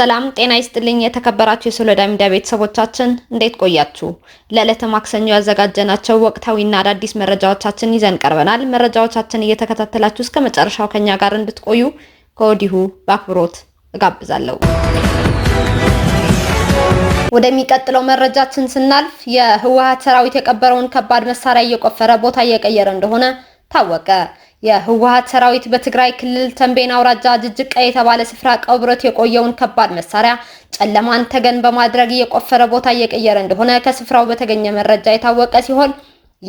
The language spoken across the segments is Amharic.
ሰላም ጤና ይስጥልኝ። የተከበራችሁ የሶሎዳ ሚዲያ ቤተሰቦቻችን እንዴት ቆያችሁ? ለዕለተ ማክሰኞ ያዘጋጀናቸው ወቅታዊና አዳዲስ መረጃዎቻችን ይዘን ቀርበናል። መረጃዎቻችን እየተከታተላችሁ እስከ መጨረሻው ከኛ ጋር እንድትቆዩ ከወዲሁ በአክብሮት እጋብዛለሁ። ወደሚቀጥለው መረጃችን ስናልፍ የህወሓት ሰራዊት የቀበረውን ከባድ መሳሪያ እየቆፈረ ቦታ እየቀየረ እንደሆነ ታወቀ። የህወሀት ሰራዊት በትግራይ ክልል ተንቤን አውራጃ ጅጅቃ የተባለ ስፍራ ቀብሮት የቆየውን ከባድ መሳሪያ ጨለማን ተገን በማድረግ የቆፈረ ቦታ እየቀየረ እንደሆነ ከስፍራው በተገኘ መረጃ የታወቀ ሲሆን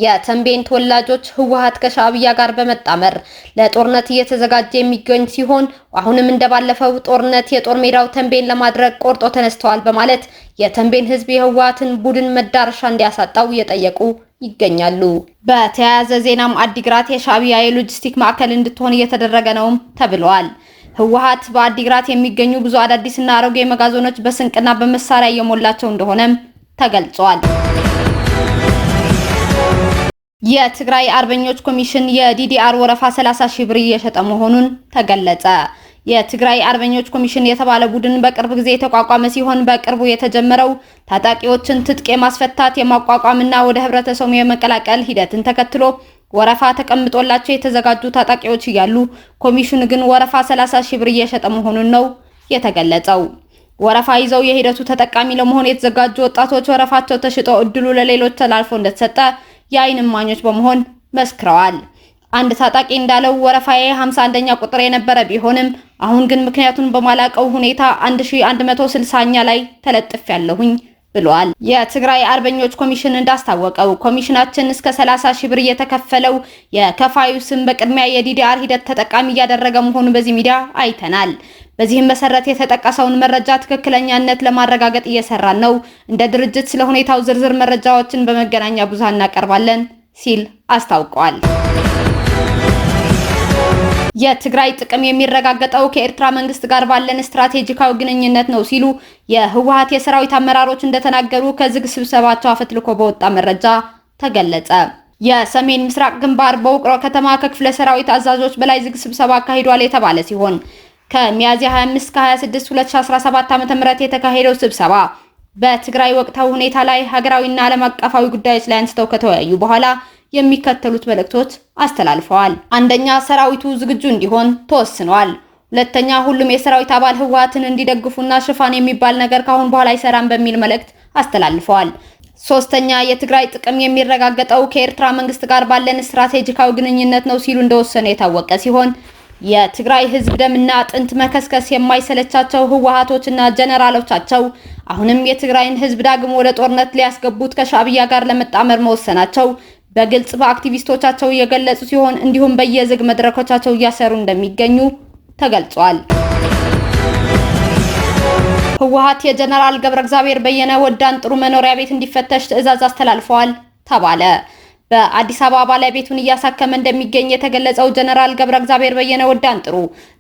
የተንቤን ተወላጆች ህወሀት ከሻብያ ጋር በመጣመር ለጦርነት እየተዘጋጀ የሚገኝ ሲሆን አሁንም እንደባለፈው ጦርነት የጦር ሜዳው ተንቤን ለማድረግ ቆርጦ ተነስተዋል በማለት የተንቤን ህዝብ የህወሀትን ቡድን መዳረሻ እንዲያሳጣው እየጠየቁ ይገኛሉ። በተያያዘ ዜናም አዲግራት የሻቢያ የሎጂስቲክ ማዕከል እንድትሆን እየተደረገ ነውም ተብሏል። ህወሓት በአዲግራት የሚገኙ ብዙ አዳዲስና አሮጌ መጋዘኖች በስንቅና በመሳሪያ እየሞላቸው እንደሆነም ተገልጿል። የትግራይ አርበኞች ኮሚሽን የዲዲአር ወረፋ 30 ሺህ ብር እየሸጠ መሆኑን ተገለጸ። የትግራይ አርበኞች ኮሚሽን የተባለ ቡድን በቅርብ ጊዜ የተቋቋመ ሲሆን በቅርቡ የተጀመረው ታጣቂዎችን ትጥቅ የማስፈታት የማቋቋምና ወደ ህብረተሰቡ የመቀላቀል ሂደትን ተከትሎ ወረፋ ተቀምጦላቸው የተዘጋጁ ታጣቂዎች እያሉ ኮሚሽኑ ግን ወረፋ 30 ሺህ ብር እየሸጠ መሆኑን ነው የተገለጸው። ወረፋ ይዘው የሂደቱ ተጠቃሚ ለመሆን የተዘጋጁ ወጣቶች ወረፋቸው ተሽጦ እድሉ ለሌሎች ተላልፎ እንደተሰጠ የአይን እማኞች በመሆን መስክረዋል። አንድ ታጣቂ እንዳለው ወረፋዬ 51ኛ ቁጥር የነበረ ቢሆንም አሁን ግን ምክንያቱን በማላቀው ሁኔታ 1160ኛ ላይ ተለጥፍ ያለሁኝ ብሏል። የትግራይ አርበኞች ኮሚሽን እንዳስታወቀው ኮሚሽናችን እስከ 30 ሺህ ብር የተከፈለው የከፋዩ ስም በቅድሚያ የዲዲአር ሂደት ተጠቃሚ እያደረገ መሆኑን በዚህ ሚዲያ አይተናል። በዚህም መሰረት የተጠቀሰውን መረጃ ትክክለኛነት ለማረጋገጥ እየሰራን ነው። እንደ ድርጅት ስለ ሁኔታው ዝርዝር መረጃዎችን በመገናኛ ብዙሃን እናቀርባለን ሲል አስታውቀዋል። የትግራይ ጥቅም የሚረጋገጠው ከኤርትራ መንግስት ጋር ባለን ስትራቴጂካዊ ግንኙነት ነው ሲሉ የህወሀት የሰራዊት አመራሮች እንደተናገሩ ከዝግ ስብሰባቸው አፈትልኮ በወጣ መረጃ ተገለጸ። የሰሜን ምስራቅ ግንባር በውቅሮ ከተማ ከክፍለ ሰራዊት አዛዦች በላይ ዝግ ስብሰባ አካሂዷል የተባለ ሲሆን ከሚያዝያ 25 26 2017 ዓ.ም የተካሄደው ስብሰባ በትግራይ ወቅታዊ ሁኔታ ላይ ሀገራዊና ዓለም አቀፋዊ ጉዳዮች ላይ አንስተው ከተወያዩ በኋላ የሚከተሉት መልእክቶች አስተላልፈዋል። አንደኛ፣ ሰራዊቱ ዝግጁ እንዲሆን ተወስኗል። ሁለተኛ፣ ሁሉም የሰራዊት አባል ህወሓትን እንዲደግፉና ሽፋን የሚባል ነገር ካሁን በኋላ አይሰራም በሚል መልእክት አስተላልፈዋል። ሶስተኛ፣ የትግራይ ጥቅም የሚረጋገጠው ከኤርትራ መንግስት ጋር ባለን ስትራቴጂካዊ ግንኙነት ነው ሲሉ እንደወሰኑ የታወቀ ሲሆን የትግራይ ህዝብ ደምና አጥንት መከስከስ የማይሰለቻቸው ህወሓቶችና ጀነራሎቻቸው አሁንም የትግራይን ህዝብ ዳግም ወደ ጦርነት ሊያስገቡት ከሻብያ ጋር ለመጣመር መወሰናቸው በግልጽ በአክቲቪስቶቻቸው እየገለጹ ሲሆን እንዲሁም በየዝግ መድረኮቻቸው እያሰሩ እንደሚገኙ ተገልጿል። ህወሓት የጀነራል ገብረ እግዚአብሔር በየነ ወዳን ጥሩ መኖሪያ ቤት እንዲፈተሽ ትዕዛዝ አስተላልፈዋል ተባለ። በአዲስ አበባ ባለቤቱን እያሳከመ እንደሚገኝ የተገለጸው ጀነራል ገብረ እግዚአብሔር በየነ ወዳን ጥሩ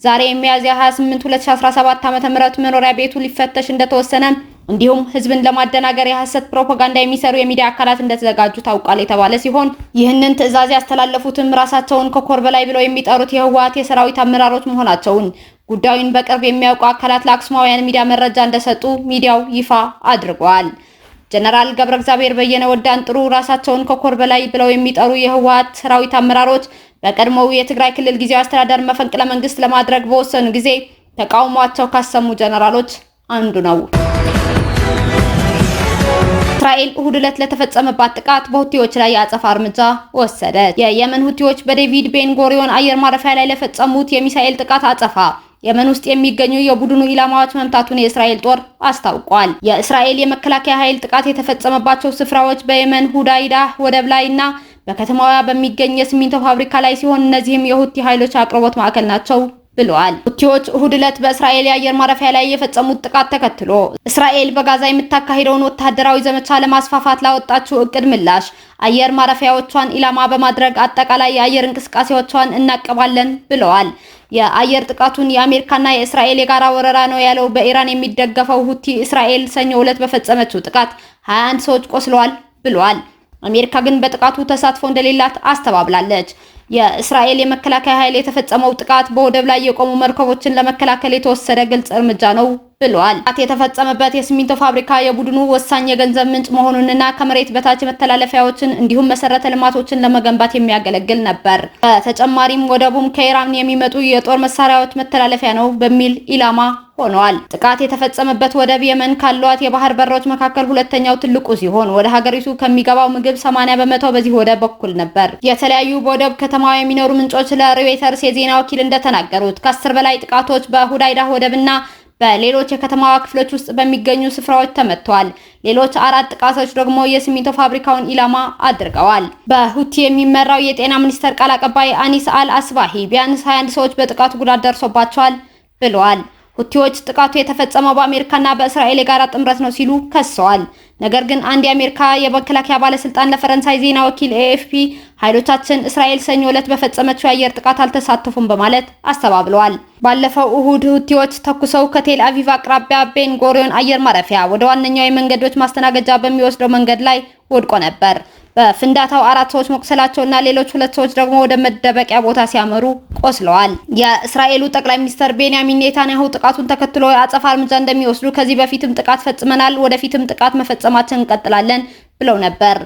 ዛሬ የሚያዝያ 28 2017 ዓ.ም መኖሪያ ቤቱ ሊፈተሽ እንደተወሰነ እንዲሁም ህዝብን ለማደናገር የሐሰት ፕሮፓጋንዳ የሚሰሩ የሚዲያ አካላት እንደተዘጋጁ ታውቋል የተባለ ሲሆን ይህንን ትዕዛዝ ያስተላለፉትም ራሳቸውን ከኮር በላይ ብለው የሚጠሩት የህወሓት የሰራዊት አመራሮች መሆናቸውን ጉዳዩን በቅርብ የሚያውቁ አካላት ለአክሱማውያን ሚዲያ መረጃ እንደሰጡ ሚዲያው ይፋ አድርጓል። ጀነራል ገብረ እግዚአብሔር በየነ ወዳን ጥሩ ራሳቸውን ከኮር በላይ ብለው የሚጠሩ የህወሓት ሰራዊት አመራሮች በቀድሞው የትግራይ ክልል ጊዜያዊ አስተዳደር መፈንቅለ መንግስት ለማድረግ በወሰኑ ጊዜ ተቃውሟቸው ካሰሙ ጀነራሎች አንዱ ነው። እስራኤል እሁድ ዕለት ለተፈጸመባት ጥቃት በሁቲዎች ላይ የአጸፋ እርምጃ ወሰደች። የየመን ሁቲዎች በዴቪድ ቤን ጎሪዮን አየር ማረፊያ ላይ ለፈጸሙት የሚሳኤል ጥቃት አጸፋ የመን ውስጥ የሚገኙ የቡድኑ ኢላማዎች መምታቱን የእስራኤል ጦር አስታውቋል። የእስራኤል የመከላከያ ኃይል ጥቃት የተፈጸመባቸው ስፍራዎች በየመን ሁዳይዳ ወደብ ላይ እና በከተማዋ በሚገኝ የሲሚንቶ ፋብሪካ ላይ ሲሆን እነዚህም የሁቲ ኃይሎች አቅርቦት ማዕከል ናቸው ብለዋል። ሁቲዎች እሁድ ዕለት በእስራኤል የአየር ማረፊያ ላይ የፈጸሙት ጥቃት ተከትሎ እስራኤል በጋዛ የምታካሄደውን ወታደራዊ ዘመቻ ለማስፋፋት ላወጣችው እቅድ ምላሽ አየር ማረፊያዎቿን ኢላማ በማድረግ አጠቃላይ የአየር እንቅስቃሴዎቿን እናቀባለን ብለዋል። የአየር ጥቃቱን የአሜሪካና የእስራኤል የጋራ ወረራ ነው ያለው በኢራን የሚደገፈው ሁቲ እስራኤል ሰኞ ዕለት በፈጸመችው ጥቃት 21 ሰዎች ቆስለዋል ብለዋል። አሜሪካ ግን በጥቃቱ ተሳትፎ እንደሌላት አስተባብላለች። የእስራኤል የመከላከያ ኃይል የተፈጸመው ጥቃት በወደብ ላይ የቆሙ መርከቦችን ለመከላከል የተወሰደ ግልጽ እርምጃ ነው ብሏል። ት የተፈጸመበት የሲሚንቶ ፋብሪካ የቡድኑ ወሳኝ የገንዘብ ምንጭ መሆኑንና ከመሬት በታች መተላለፊያዎችን እንዲሁም መሰረተ ልማቶችን ለመገንባት የሚያገለግል ነበር። በተጨማሪም ወደቡም ከኢራን የሚመጡ የጦር መሳሪያዎች መተላለፊያ ነው በሚል ኢላማ ሆነዋል። ጥቃት የተፈጸመበት ወደብ የመን ካሏት የባህር በሮች መካከል ሁለተኛው ትልቁ ሲሆን ወደ ሀገሪቱ ከሚገባው ምግብ 80 በመቶ በዚህ ወደብ በኩል ነበር። የተለያዩ በወደብ ከተማ የሚኖሩ ምንጮች ለሮይተርስ የዜና ወኪል እንደተናገሩት ከአስር በላይ ጥቃቶች በሁዳይዳ ወደብና በሌሎች የከተማዋ ክፍሎች ውስጥ በሚገኙ ስፍራዎች ተመትተዋል። ሌሎች አራት ጥቃቶች ደግሞ የሲሚንቶ ፋብሪካውን ኢላማ አድርገዋል። በሁቲ የሚመራው የጤና ሚኒስቴር ቃል አቀባይ አኒስ አል አስባሂ ቢያንስ 21 ሰዎች በጥቃቱ ጉዳት ደርሶባቸዋል ብለዋል። ሁቲዎች ጥቃቱ የተፈጸመው በአሜሪካና በእስራኤል የጋራ ጥምረት ነው ሲሉ ከሰዋል። ነገር ግን አንድ የአሜሪካ የመከላከያ ባለስልጣን ለፈረንሳይ ዜና ወኪል ኤኤፍፒ ኃይሎቻችን እስራኤል ሰኞ ዕለት በፈጸመችው የአየር ጥቃት አልተሳተፉም በማለት አስተባብለዋል። ባለፈው እሁድ ሁቲዎች ተኩሰው ከቴል አቪቭ አቅራቢያ ቤን ጎሪዮን አየር ማረፊያ ወደ ዋነኛው የመንገዶች ማስተናገጃ በሚወስደው መንገድ ላይ ወድቆ ነበር። በፍንዳታው አራት ሰዎች መቁሰላቸውና ሌሎች ሁለት ሰዎች ደግሞ ወደ መደበቂያ ቦታ ሲያመሩ ቆስለዋል። የእስራኤሉ ጠቅላይ ሚኒስትር ቤንያሚን ኔታንያሁ ጥቃቱን ተከትሎ አጸፋ እርምጃ እንደሚወስዱ ከዚህ በፊትም ጥቃት ፈጽመናል፣ ወደፊትም ጥቃት መፈጸማችን እንቀጥላለን ብለው ነበር።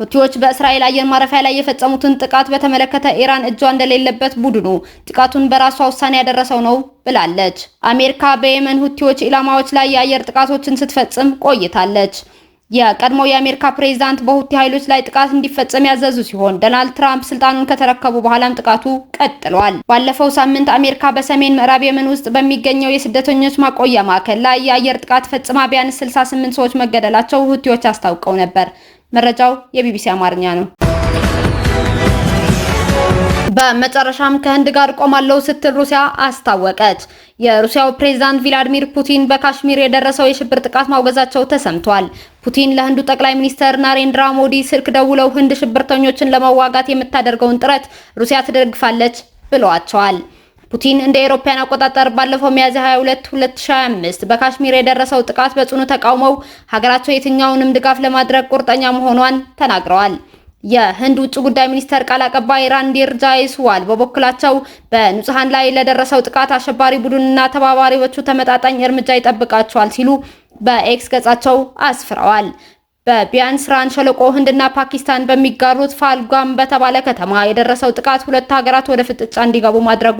ሁቲዎች በእስራኤል አየር ማረፊያ ላይ የፈጸሙትን ጥቃት በተመለከተ ኢራን እጇ እንደሌለበት ቡድኑ ጥቃቱን በራሷ ውሳኔ ያደረሰው ነው ብላለች። አሜሪካ በየመን ሁቲዎች ኢላማዎች ላይ የአየር ጥቃቶችን ስትፈጽም ቆይታለች። የቀድሞው የአሜሪካ ፕሬዚዳንት በሁቲ ኃይሎች ላይ ጥቃት እንዲፈጸም ያዘዙ ሲሆን ዶናልድ ትራምፕ ስልጣኑን ከተረከቡ በኋላም ጥቃቱ ቀጥሏል። ባለፈው ሳምንት አሜሪካ በሰሜን ምዕራብ የመን ውስጥ በሚገኘው የስደተኞች ማቆያ ማዕከል ላይ የአየር ጥቃት ፈጽማ ቢያንስ 68 ሰዎች መገደላቸው ሁቲዎች አስታውቀው ነበር። መረጃው የቢቢሲ አማርኛ ነው። በመጨረሻም ከህንድ ጋር ቆማለው ስትል ሩሲያ አስታወቀች። የሩሲያው ፕሬዝዳንት ቪላዲሚር ፑቲን በካሽሚር የደረሰው የሽብር ጥቃት ማውገዛቸው ተሰምቷል። ፑቲን ለህንዱ ጠቅላይ ሚኒስትር ናሬንድራ ሞዲ ስልክ ደውለው ህንድ ሽብርተኞችን ለመዋጋት የምታደርገውን ጥረት ሩሲያ ትደግፋለች ብለዋቸዋል። ፑቲን እንደ አውሮፓውያን አቆጣጠር ባለፈው ሚያዝያ 22 2025 በካሽሚር የደረሰው ጥቃት በጽኑ ተቃውመው ሀገራቸው የትኛውንም ድጋፍ ለማድረግ ቁርጠኛ መሆኗን ተናግረዋል። የህንድ ውጭ ጉዳይ ሚኒስተር ቃል አቀባይ ራንዲር ጃይስዋል በበኩላቸው በንጹሃን ላይ ለደረሰው ጥቃት አሸባሪ ቡድንና ተባባሪዎቹ ተመጣጣኝ እርምጃ ይጠብቃቸዋል ሲሉ በኤክስ ገጻቸው አስፍረዋል። በቢያንስ ራን ሸለቆ ህንድና ፓኪስታን በሚጋሩት ፋልጓም በተባለ ከተማ የደረሰው ጥቃት ሁለት ሀገራት ወደ ፍጥጫ እንዲገቡ ማድረጉ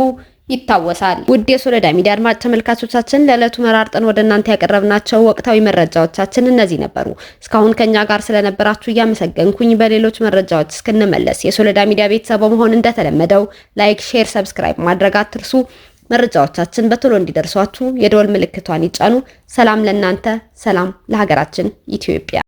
ይታወሳል። ውድ የሶለዳ ሚዲያ አድማጭ ተመልካቾቻችን ለዕለቱ መራርጠን ወደ እናንተ ያቀረብናቸው ወቅታዊ መረጃዎቻችን እነዚህ ነበሩ። እስካሁን ከኛ ጋር ስለነበራችሁ እያመሰገንኩኝ በሌሎች መረጃዎች እስክንመለስ የሶለዳ ሚዲያ ቤተሰብ በመሆን እንደተለመደው ላይክ፣ ሼር፣ ሰብስክራይብ ማድረግ አትርሱ። መረጃዎቻችን በቶሎ እንዲደርሷችሁ የደወል ምልክቷን ይጫኑ። ሰላም ለእናንተ፣ ሰላም ለሀገራችን ኢትዮጵያ።